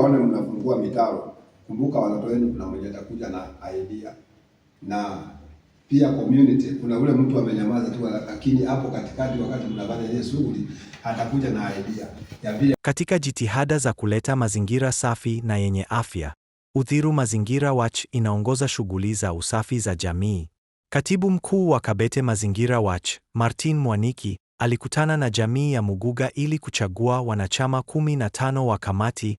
Aone mnafungua mitaro, kumbuka watoto wenu kuna mwenye atakuja na idea na pia community, kuna ule mtu amenyamaza tu, lakini hapo katikati, wakati mnafanya ile shughuli, atakuja na idea ya vile. Katika jitihada za kuleta mazingira safi na yenye afya, Udhiru Mazingira Watch inaongoza shughuli za usafi za jamii. Katibu mkuu wa Kabete Mazingira Watch, Martin Mwaniki, alikutana na jamii ya Muguga ili kuchagua wanachama 15 wa kamati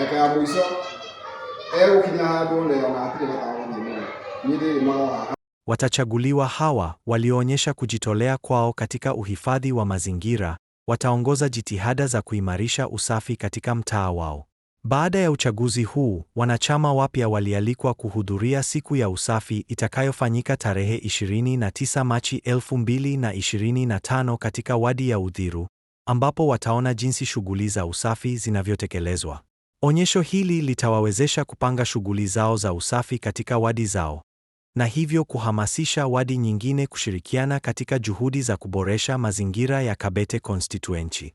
ya Watachaguliwa hawa walioonyesha kujitolea kwao katika uhifadhi wa mazingira wataongoza jitihada za kuimarisha usafi katika mtaa wao. Baada ya uchaguzi huu, wanachama wapya walialikwa kuhudhuria siku ya usafi itakayofanyika tarehe 29 Machi 2025 katika wadi ya udhiru ambapo wataona jinsi shughuli za usafi zinavyotekelezwa. Onyesho hili litawawezesha kupanga shughuli zao za usafi katika wadi zao na hivyo kuhamasisha wadi nyingine kushirikiana katika juhudi za kuboresha mazingira ya Kabete constituency.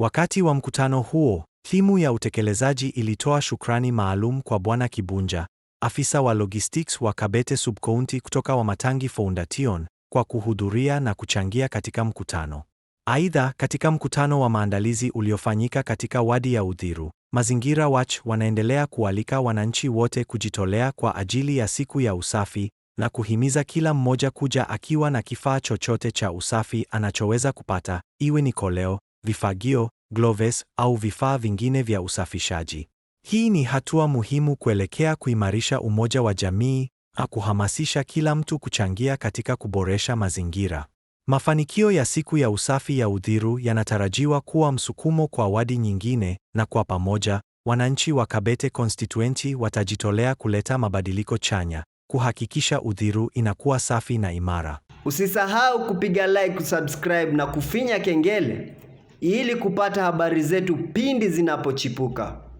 Wakati wa mkutano huo, timu ya utekelezaji ilitoa shukrani maalum kwa Bwana Kibunja, afisa wa logistics wa Kabete Subcounty kutoka Wamatangi Foundation kwa kuhudhuria na kuchangia katika mkutano. Aidha, katika mkutano wa maandalizi uliofanyika katika wadi ya udhiru Mazingira Watch wanaendelea kualika wananchi wote kujitolea kwa ajili ya siku ya usafi na kuhimiza kila mmoja kuja akiwa na kifaa chochote cha usafi anachoweza kupata, iwe ni koleo, vifagio, gloves au vifaa vingine vya usafishaji. Hii ni hatua muhimu kuelekea kuimarisha umoja wa jamii na kuhamasisha kila mtu kuchangia katika kuboresha mazingira. Mafanikio ya siku ya usafi ya udhiru yanatarajiwa kuwa msukumo kwa wadi nyingine, na kwa pamoja, wananchi wa Kabete Constituency watajitolea kuleta mabadiliko chanya, kuhakikisha udhiru inakuwa safi na imara. Usisahau kupiga like, kusubscribe na kufinya kengele ili kupata habari zetu pindi zinapochipuka.